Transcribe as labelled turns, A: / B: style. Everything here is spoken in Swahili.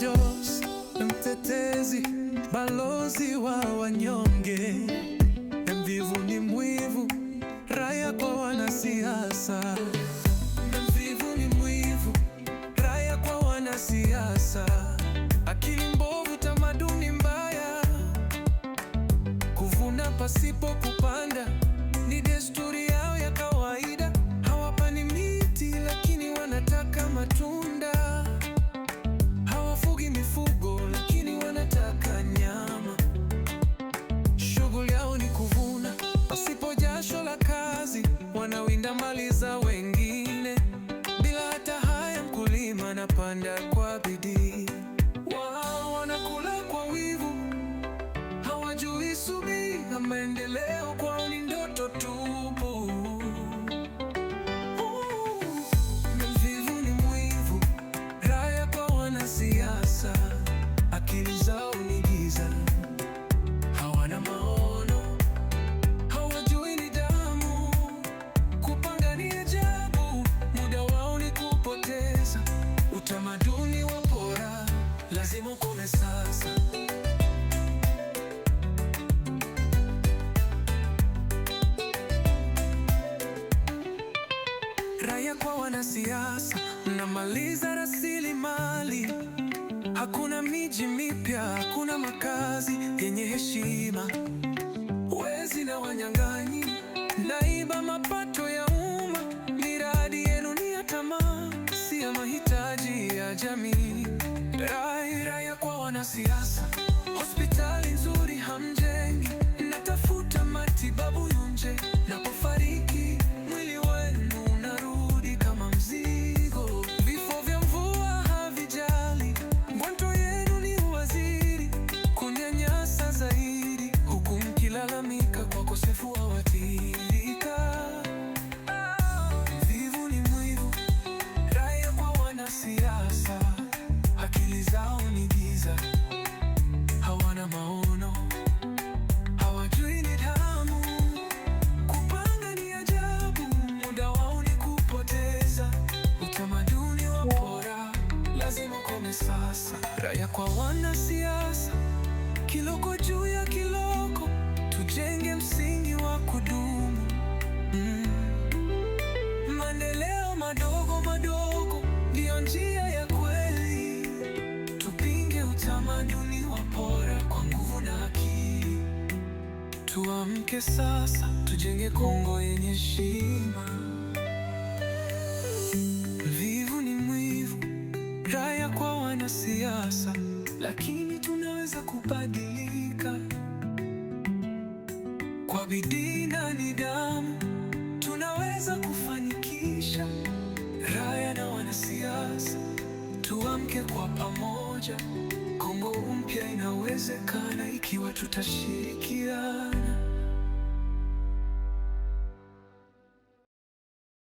A: Jos, mtetezi, balozi wa wanyonge, mvivu ni mwivu, raya kwa wanasiasa, mvivu ni mwivu, raya kwa wanasiasa, akili mbovu, tamaduni mbaya, kuvuna pasipo kupanda ni desturi yao ya kawaida. Hawapani miti, lakini wanataka matunda. find lazima ukome sasa. Raia kwa wanasiasa, mnamaliza rasilimali. Hakuna miji mipya, hakuna makazi yenye heshima. Wezi na wanyang'anyi naiba mapato ya siasa, hospitali nzuri hamjengi, natafuta matibabu yunje Napofariki mwili wenu unarudi kama mzigo. Vifo vya mvua havijali, mwanto yenu ni waziri Kunyanyasa zaidi, huku mkilalamika kwa kosefu wa watirika. Mvivu ni mwivu, raia kwa wanasiasa. sasa, raia kwa wanasiasa, kiloko juu ya kiloko, tujenge msingi wa kudumu mm. Maendeleo madogo madogo ndiyo njia ya kweli, tupinge utamaduni wa pora kwa nguvu na akili. Tuamke sasa, tujenge Kongo yenye heshima. na siasa, lakini tunaweza kubadilika. Kwa bidii na nidhamu, tunaweza kufanikisha. raya na wanasiasa, tuamke kwa pamoja. Kongo mpya inawezekana ikiwa tutashirikiana.